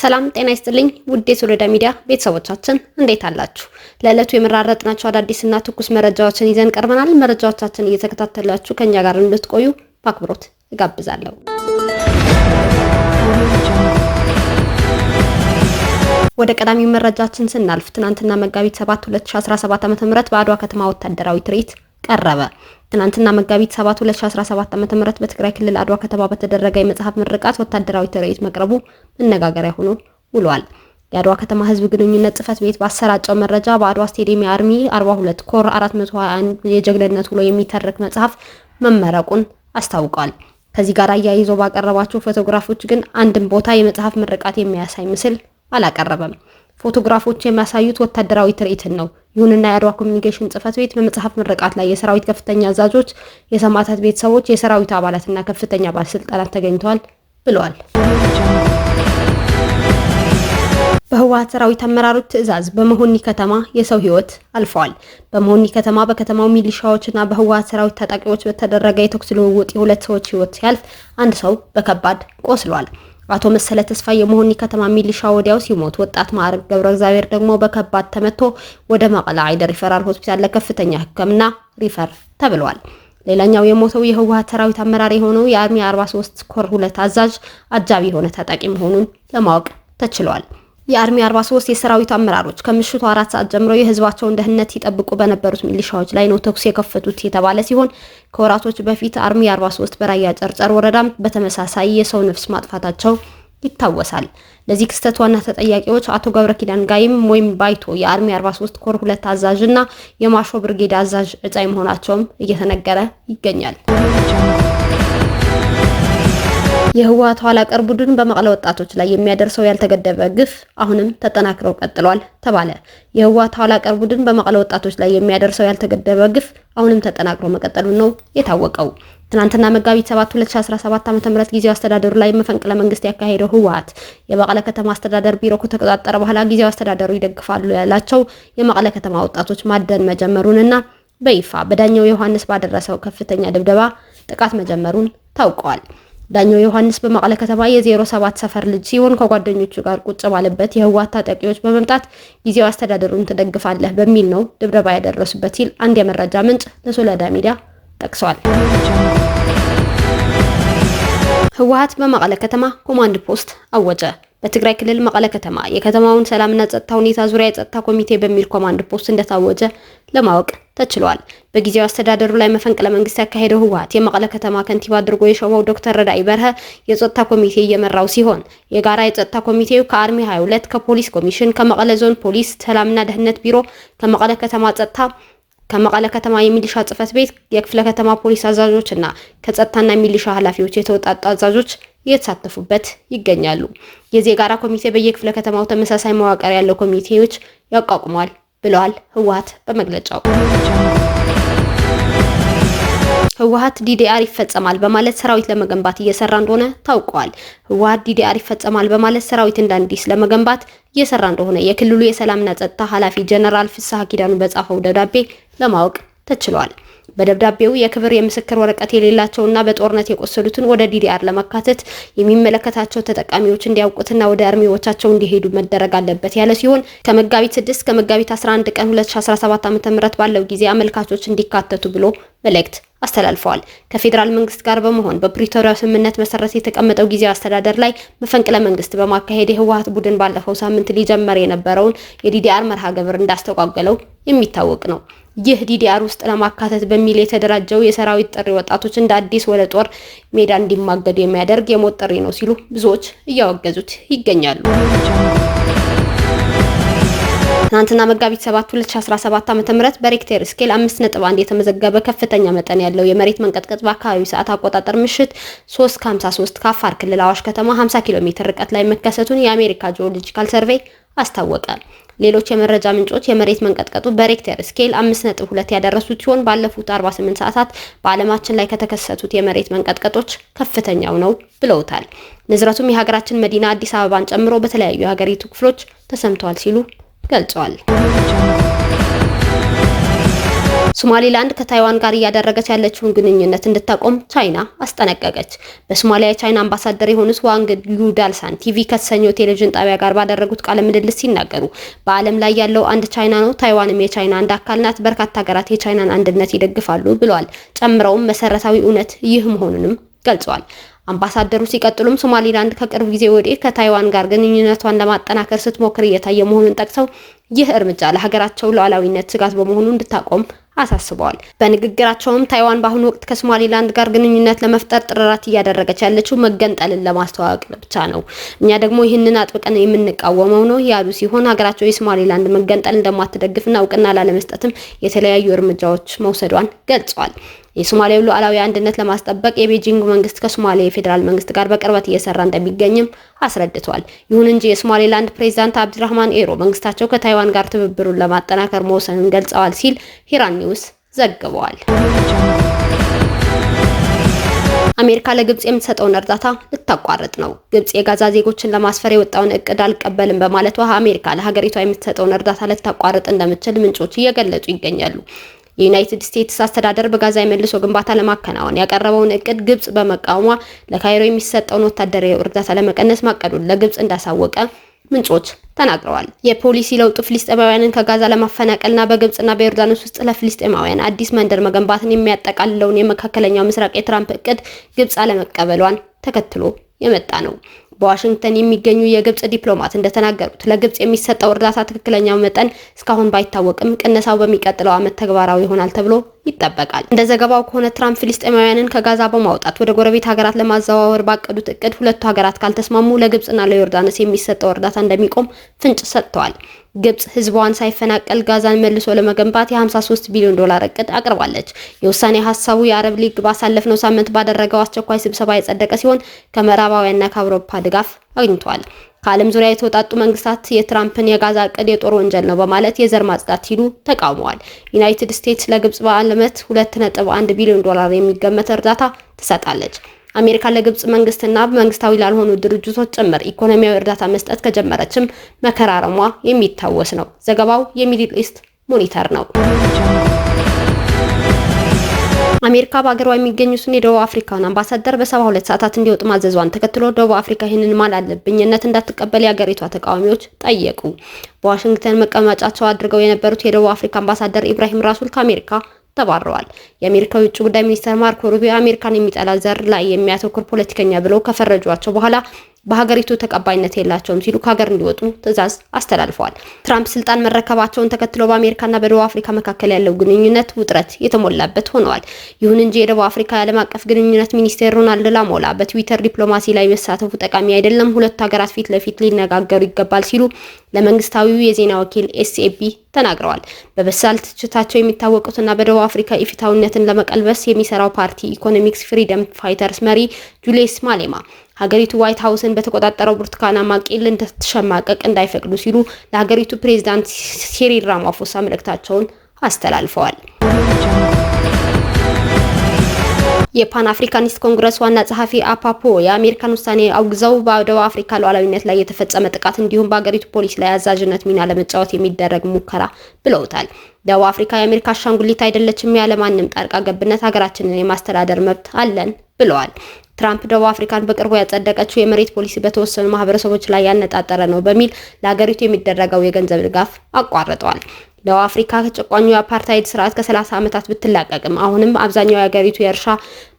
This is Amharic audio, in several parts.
ሰላም ጤና ይስጥልኝ ውድ የሶሎዳ ሚዲያ ቤተሰቦቻችን እንዴት አላችሁ? ለዕለቱ የመራረጥናቸው አዳዲስና ትኩስ መረጃዎችን ይዘን ቀርበናል። መረጃዎቻችን እየተከታተላችሁ ከእኛ ጋር እንድትቆዩ በአክብሮት እጋብዛለሁ። ወደ ቀዳሚው መረጃችን ስናልፍ ትናንትና መጋቢት 7 2017 ዓ.ም በአድዋ ከተማ ወታደራዊ ትርኢት ቀረበ። ትናንትና መጋቢት 7 2017 ዓ.ም በትግራይ ክልል አድዋ ከተማ በተደረገ የመጽሐፍ ምርቃት ወታደራዊ ትርኢት መቅረቡ መነጋገሪያ ሆኖ ውሏል። የአድዋ ከተማ ህዝብ ግንኙነት ጽፈት ቤት ባሰራጨው መረጃ በአድዋ ስቴዲየም የአርሚ 42 ኮር 421 የጀግንነት ውሎ የሚተርክ መጽሐፍ መመረቁን አስታውቋል። ከዚህ ጋር አያይዞ ባቀረባቸው ፎቶግራፎች ግን አንድም ቦታ የመጽሐፍ ምርቃት የሚያሳይ ምስል አላቀረበም። ፎቶግራፎች የሚያሳዩት ወታደራዊ ትርኢትን ነው። ይሁንና የአድዋ ኮሚኒኬሽን ጽህፈት ቤት በመጽሐፍ ምረቃት ላይ የሰራዊት ከፍተኛ አዛዦች፣ የሰማዕታት ቤተሰቦች፣ የሰራዊት አባላትና ከፍተኛ ባለስልጣናት ተገኝተዋል ብለዋል። በህወሀት ሰራዊት አመራሮች ትዕዛዝ በመሆኒ ከተማ የሰው ህይወት አልፈዋል። በመሆኒ ከተማ በከተማው ሚሊሻዎችና በህወሀት ሰራዊት ታጣቂዎች በተደረገ የተኩስ ልውውጥ የሁለት ሰዎች ህይወት ሲያልፍ አንድ ሰው በከባድ ቆስሏል። አቶ መሰለ ተስፋ የመሆኒ ከተማ ሚሊሻ ወዲያው ሲሞት ወጣት ማዕረግ ገብረ እግዚአብሔር ደግሞ በከባድ ተመቶ ወደ መቀለ አይደር ሪፈራል ሆስፒታል ለከፍተኛ ሕክምና ሪፈር ተብሏል። ሌላኛው የሞተው የህወሀት ሰራዊት አመራር የሆነው የአርሚ 43 ኮር ሁለት አዛዥ አጃቢ የሆነ ታጣቂ መሆኑን ለማወቅ ተችሏል። የአርሚ 43 የሰራዊት አመራሮች ከምሽቱ አራት ሰዓት ጀምሮ የህዝባቸውን ደህንነት ይጠብቁ በነበሩት ሚሊሻዎች ላይ ነው ተኩስ የከፈቱት የተባለ ሲሆን ከወራቶች በፊት አርሚ 43 በራያ ጨርጨር ወረዳም በተመሳሳይ የሰው ነፍስ ማጥፋታቸው ይታወሳል። ለዚህ ክስተት ዋና ተጠያቂዎች አቶ ገብረ ኪዳን ጋይም ወይም ባይቶ የአርሚ 43 ኮር ሁለት አዛዥ እና የማሾ ብርጌድ አዛዥ እጫይ መሆናቸውም እየተነገረ ይገኛል። የህወሀት ኋላ ቀር ቡድን በመቀለ ወጣቶች ላይ የሚያደርሰው ያልተገደበ ግፍ አሁንም ተጠናክሮ ቀጥሏል ተባለ። የህወሀት ኋላ ቀር ቡድን በመቀለ ወጣቶች ላይ የሚያደርሰው ያልተገደበ ግፍ አሁንም ተጠናክሮ መቀጠሉን ነው የታወቀው። ትናንትና መጋቢት 7 2017 ዓ.ም ጊዜው አስተዳደሩ ላይ መፈንቅለ መንግስት ያካሄደው ህወሀት የመቀለ ከተማ አስተዳደር ቢሮ ከተቆጣጠረ በኋላ ጊዜው አስተዳደሩ ይደግፋሉ ያላቸው የመቀለ ከተማ ወጣቶች ማደን መጀመሩንና በይፋ በዳኛው ዮሐንስ ባደረሰው ከፍተኛ ድብደባ ጥቃት መጀመሩን ታውቀዋል። ዳኛው ዮሐንስ በመቀለ ከተማ የ07 ሰፈር ልጅ ሲሆን ከጓደኞቹ ጋር ቁጭ ባለበት የህወሓት ታጣቂዎች በመምጣት ጊዜው አስተዳደሩን ትደግፋለህ በሚል ነው ድብደባ ያደረሱበት ሲል አንድ የመረጃ ምንጭ ለሶለዳ ሚዲያ ጠቅሷል። ህወሓት በመቀለ ከተማ ኮማንድ ፖስት አወጀ። በትግራይ ክልል መቀለ ከተማ የከተማውን ሰላምና ጸጥታ ሁኔታ ዙሪያ የጸጥታ ኮሚቴ በሚል ኮማንድ ፖስት እንደታወጀ ለማወቅ ተችሏል። በጊዜው አስተዳደሩ ላይ መፈንቅለ መንግስት ያካሄደው ህወሀት የመቀለ ከተማ ከንቲባ አድርጎ የሾመው ዶክተር ረዳይ በርሀ የጸጥታ ኮሚቴ እየመራው ሲሆን የጋራ የጸጥታ ኮሚቴው ከአርሚ 22 ከፖሊስ ኮሚሽን ከመቀለ ዞን ፖሊስ ሰላምና ደህንነት ቢሮ ከመቀለ ከተማ ጸጥታ ከመቀለ ከተማ የሚሊሻ ጽህፈት ቤት የክፍለ ከተማ ፖሊስ አዛዦች እና ከጸጥታና የሚሊሻ ኃላፊዎች የተወጣጡ አዛዦች እየተሳተፉበት ይገኛሉ። የዚህ የጋራ ኮሚቴ በየክፍለ ከተማው ተመሳሳይ መዋቅር ያለው ኮሚቴዎች ያቋቁሟል ብለዋል ህወሀት በመግለጫው። ህወሀት ዲዲአር ይፈጸማል በማለት ሰራዊት ለመገንባት እየሰራ እንደሆነ ታውቋል። ህወሀት ዲዲአር ይፈጸማል በማለት ሰራዊት እንደ ለመገንባት እየሰራ እንደሆነ የክልሉ የሰላምና ጸጥታ ኃላፊ ጀነራል ፍስሐ ኪዳኑ በጻፈው ደብዳቤ ለማወቅ ተችሏል። በደብዳቤው የክብር የምስክር ወረቀት የሌላቸውና በጦርነት የቆሰሉትን ወደ ዲዲአር ለማካተት የሚመለከታቸው ተጠቃሚዎች እንዲያውቁትና ወደ እርሜዎቻቸው እንዲሄዱ መደረግ አለበት ያለ ሲሆን ከመጋቢት 6 ከመጋቢት 11 ቀን 2017 ም ባለው ጊዜ አመልካቾች እንዲካተቱ ብሎ መልእክት አስተላልፈዋል። ከፌዴራል መንግስት ጋር በመሆን በፕሪቶሪያ ስምምነት መሰረት የተቀመጠው ጊዜ አስተዳደር ላይ መፈንቅለ መንግስት በማካሄድ የህወሀት ቡድን ባለፈው ሳምንት ሊጀመር የነበረውን የዲዲአር መርሃ ግብር እንዳስተጓገለው የሚታወቅ ነው። ይህ ዲዲአር ውስጥ ለማካተት በሚል የተደራጀው የሰራዊት ጥሪ ወጣቶች እንደ አዲስ ወደ ጦር ሜዳ እንዲማገዱ የሚያደርግ የሞት ጥሪ ነው ሲሉ ብዙዎች እያወገዙት ይገኛሉ። ትናንትና መጋቢት 7 2017 ዓ.ም በሬክተር ስኬል 5.1 የተመዘገበ ከፍተኛ መጠን ያለው የመሬት መንቀጥቀጥ በአካባቢው ሰዓት አቆጣጠር ምሽት 3:53 ከአፋር ክልል አዋሽ ከተማ 50 ኪሎ ሜትር ርቀት ላይ መከሰቱን የአሜሪካ ጂኦሎጂካል ሰርቬይ አስታወቀ። ሌሎች የመረጃ ምንጮች የመሬት መንቀጥቀጡ በሬክተር ስኬል 5.2 ያደረሱት ሲሆን ባለፉት 48 ሰዓታት በዓለማችን ላይ ከተከሰቱት የመሬት መንቀጥቀጦች ከፍተኛው ነው ብለውታል። ንዝረቱም የሀገራችን መዲና አዲስ አበባን ጨምሮ በተለያዩ የሀገሪቱ ክፍሎች ተሰምተዋል ሲሉ ገልጸዋል። ሶማሌላንድ ከታይዋን ጋር እያደረገች ያለችውን ግንኙነት እንድታቆም ቻይና አስጠነቀቀች። በሶማሊያ የቻይና አምባሳደር የሆኑት ዋንግ ዩዳልሳን ቲቪ ከተሰኘው ቴሌቪዥን ጣቢያ ጋር ባደረጉት ቃለ ምልልስ ሲናገሩ በዓለም ላይ ያለው አንድ ቻይና ነው፣ ታይዋንም የቻይና አንድ አካል ናት። በርካታ ሀገራት የቻይናን አንድነት ይደግፋሉ ብለዋል። ጨምረውም መሰረታዊ እውነት ይህ መሆኑንም ገልጸዋል። አምባሳደሩ ሲቀጥሉም ሶማሊላንድ ከቅርብ ጊዜ ወዲህ ከታይዋን ጋር ግንኙነቷን ለማጠናከር ስትሞክር እየታየ መሆኑን ጠቅሰው ይህ እርምጃ ለሀገራቸው ሉዓላዊነት ስጋት በመሆኑ እንድታቆም አሳስበዋል። በንግግራቸውም ታይዋን በአሁኑ ወቅት ከሶማሌላንድ ጋር ግንኙነት ለመፍጠር ጥረት እያደረገች ያለችው መገንጠልን ለማስተዋወቅ ብቻ ነው፣ እኛ ደግሞ ይህንን አጥብቀን የምንቃወመው ነው ያሉ ሲሆን ሀገራቸው የሶማሌላንድ መገንጠል እንደማትደግፍና እውቅና ላለመስጠትም የተለያዩ እርምጃዎች መውሰዷን ገልጸዋል። የሶማሌው ሉዓላዊ አንድነት ለማስጠበቅ የቤጂንግ መንግስት ከሶማሌ የፌዴራል መንግስት ጋር በቅርበት እየሰራ እንደሚገኝም አስረድቷል። ይሁን እንጂ የሶማሌላንድ ፕሬዚዳንት አብድራህማን ኤሮ መንግስታቸው ከታይዋን ጋር ትብብሩን ለማጠናከር መወሰኑን ገልጸዋል ሲል ሂራን ኒውስ ዘግበዋል። አሜሪካ ለግብጽ የምትሰጠውን እርዳታ ልታቋርጥ ነው። ግብጽ የጋዛ ዜጎችን ለማስፈር የወጣውን እቅድ አልቀበልም በማለቷ አሜሪካ ለሀገሪቷ የምትሰጠውን እርዳታ ልታቋርጥ እንደምትችል ምንጮች እየገለጹ ይገኛሉ። የዩናይትድ ስቴትስ አስተዳደር በጋዛ የመልሶ ግንባታ ለማከናወን ያቀረበውን እቅድ ግብጽ በመቃወሟ ለካይሮ የሚሰጠውን ወታደራዊ እርዳታ ለመቀነስ ማቀዱን ለግብጽ እንዳሳወቀ ምንጮች ተናግረዋል። የፖሊሲ ለውጡ ፍልስጤማውያንን ከጋዛ ለማፈናቀልና በግብጽና በዮርዳኖስ ውስጥ ለፍልስጤማውያን አዲስ መንደር መገንባትን የሚያጠቃልለውን የመካከለኛው ምስራቅ የትራምፕ እቅድ ግብጽ አለመቀበሏን ተከትሎ የመጣ ነው። በዋሽንግተን የሚገኙ የግብጽ ዲፕሎማት እንደተናገሩት ለግብጽ የሚሰጠው እርዳታ ትክክለኛው መጠን እስካሁን ባይታወቅም ቅነሳው በሚቀጥለው ዓመት ተግባራዊ ይሆናል ተብሎ ይጠበቃል። እንደ ዘገባው ከሆነ ትራምፕ ፊልስጤማውያንን ከጋዛ በማውጣት ወደ ጎረቤት ሀገራት ለማዘዋወር ባቀዱት እቅድ ሁለቱ ሀገራት ካልተስማሙ ለግብጽና ለዮርዳኖስ የሚሰጠው እርዳታ እንደሚቆም ፍንጭ ሰጥተዋል። ግብጽ ህዝቧን ሳይፈናቀል ጋዛን መልሶ ለመገንባት የ53 ቢሊዮን ዶላር እቅድ አቅርባለች። የውሳኔ ሀሳቡ የአረብ ሊግ ባሳለፍነው ሳምንት ባደረገው አስቸኳይ ስብሰባ የጸደቀ ሲሆን ከምዕራባውያንና ከአውሮፓ ድጋፍ አግኝቷል። ከዓለም ዙሪያ የተወጣጡ መንግስታት የትራምፕን የጋዛ እቅድ የጦር ወንጀል ነው በማለት የዘር ማጽዳት ሲሉ ተቃውመዋል። ዩናይትድ ስቴትስ ለግብጽ በዓመት 2.1 ቢሊዮን ዶላር የሚገመት እርዳታ ትሰጣለች። አሜሪካ ለግብጽ መንግስትና መንግስታዊ ላልሆኑ ድርጅቶች ጭምር ኢኮኖሚያዊ እርዳታ መስጠት ከጀመረችም መከራረሟ የሚታወስ ነው። ዘገባው የሚድል ኢስት ሞኒተር ነው። አሜሪካ በአገሯ የሚገኙትን የደቡብ አፍሪካን አምባሳደር በሰባ ሁለት ሰዓታት እንዲወጡ ማዘዟን ተከትሎ ደቡብ አፍሪካ ይህንን ማል አለብኝነት እንዳትቀበል የአገሪቷ ተቃዋሚዎች ጠየቁ። በዋሽንግተን መቀመጫቸው አድርገው የነበሩት የደቡብ አፍሪካ አምባሳደር ኢብራሂም ራሱል ከአሜሪካ ተባረዋል። የአሜሪካ የውጭ ጉዳይ ሚኒስትር ማርኮ ሩቢዮ አሜሪካን የሚጠላ ዘር ላይ የሚያተኩር ፖለቲከኛ ብለው ከፈረጇቸው በኋላ በሀገሪቱ ተቀባይነት የላቸውም ሲሉ ከሀገር እንዲወጡ ትዕዛዝ አስተላልፈዋል። ትራምፕ ስልጣን መረከባቸውን ተከትሎ በአሜሪካና በደቡብ አፍሪካ መካከል ያለው ግንኙነት ውጥረት የተሞላበት ሆነዋል። ይሁን እንጂ የደቡብ አፍሪካ የዓለም አቀፍ ግንኙነት ሚኒስቴር ሮናልድ ላሞላ በትዊተር ዲፕሎማሲ ላይ መሳተፉ ጠቃሚ አይደለም፣ ሁለቱ ሀገራት ፊት ለፊት ሊነጋገሩ ይገባል ሲሉ ለመንግስታዊው የዜና ወኪል ኤስኤቢ ተናግረዋል። በበሳል ትችታቸው የሚታወቁትና በደቡብ አፍሪካ ኢፍታዊነትን ለመቀልበስ የሚሰራው ፓርቲ ኢኮኖሚክስ ፍሪደም ፋይተርስ መሪ ጁሊየስ ማሌማ ሀገሪቱ ዋይት ሀውስን በተቆጣጠረው ብርቱካናማ ቄል እንድትሸማቀቅ እንዳይፈቅዱ ሲሉ ለሀገሪቱ ፕሬዚዳንት ሲሪል ራማፎሳ መልእክታቸውን አስተላልፈዋል። የፓን አፍሪካኒስት ኮንግረስ ዋና ጸሐፊ አፓፖ የአሜሪካን ውሳኔ አውግዘው በደቡብ አፍሪካ ሉዓላዊነት ላይ የተፈጸመ ጥቃት እንዲሁም በአገሪቱ ፖሊስ ላይ አዛዥነት ሚና ለመጫወት የሚደረግ ሙከራ ብለውታል። ደቡብ አፍሪካ የአሜሪካ አሻንጉሊት አይደለችም፣ ያለማንም ጣልቃ ገብነት ሀገራችንን የማስተዳደር መብት አለን ብለዋል። ትራምፕ ደቡብ አፍሪካን በቅርቡ ያጸደቀችው የመሬት ፖሊሲ በተወሰኑ ማህበረሰቦች ላይ ያነጣጠረ ነው በሚል ለሀገሪቱ የሚደረገው የገንዘብ ድጋፍ አቋርጠዋል። ደቡብ አፍሪካ ከጨቋኙ የአፓርታይድ ስርዓት ከ30 ዓመታት ብትላቀቅም አሁንም አብዛኛው የሀገሪቱ የእርሻ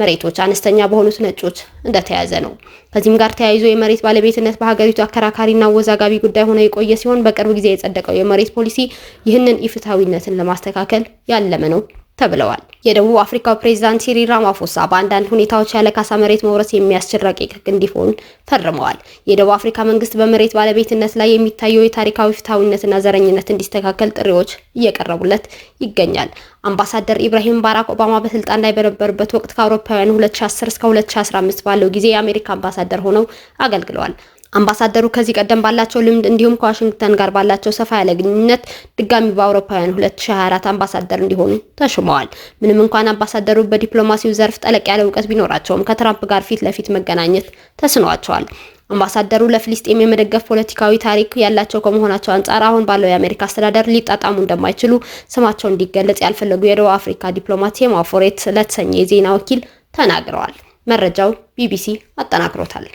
መሬቶች አነስተኛ በሆኑት ነጮች እንደተያዘ ነው። ከዚህም ጋር ተያይዞ የመሬት ባለቤትነት በሀገሪቱ አከራካሪና አወዛጋቢ ጉዳይ ሆኖ የቆየ ሲሆን በቅርብ ጊዜ የጸደቀው የመሬት ፖሊሲ ይህንን ኢፍትሐዊነትን ለማስተካከል ያለመ ነው ተብለዋል። የደቡብ አፍሪካው ፕሬዚዳንት ሲሪል ራማፎሳ በአንዳንድ ሁኔታዎች ያለ ካሳ መሬት መውረስ የሚያስችል ረቂቅ ሕግ እንዲሆን ፈርመዋል። የደቡብ አፍሪካ መንግስት በመሬት ባለቤትነት ላይ የሚታየው የታሪካዊ ፍትሐዊነትና ዘረኝነት እንዲስተካከል ጥሪዎች እየቀረቡለት ይገኛል። አምባሳደር ኢብራሂም ባራክ ኦባማ በስልጣን ላይ በነበሩበት ወቅት ከአውሮፓውያኑ 2010 እስከ 2015 ባለው ጊዜ የአሜሪካ አምባሳደር ሆነው አገልግለዋል። አምባሳደሩ ከዚህ ቀደም ባላቸው ልምድ እንዲሁም ከዋሽንግተን ጋር ባላቸው ሰፋ ያለ ግንኙነት ድጋሚ በአውሮፓውያን 2024 አምባሳደር እንዲሆኑ ተሽመዋል። ምንም እንኳን አምባሳደሩ በዲፕሎማሲው ዘርፍ ጠለቅ ያለ እውቀት ቢኖራቸውም ከትራምፕ ጋር ፊት ለፊት መገናኘት ተስኗቸዋል። አምባሳደሩ ለፍልስጤም የመደገፍ ፖለቲካዊ ታሪክ ያላቸው ከመሆናቸው አንጻር አሁን ባለው የአሜሪካ አስተዳደር ሊጣጣሙ እንደማይችሉ ስማቸው እንዲገለጽ ያልፈለጉ የደቡብ አፍሪካ ዲፕሎማት የማፎሬት ለተሰኘ የዜና ወኪል ተናግረዋል። መረጃው ቢቢሲ አጠናክሮታል።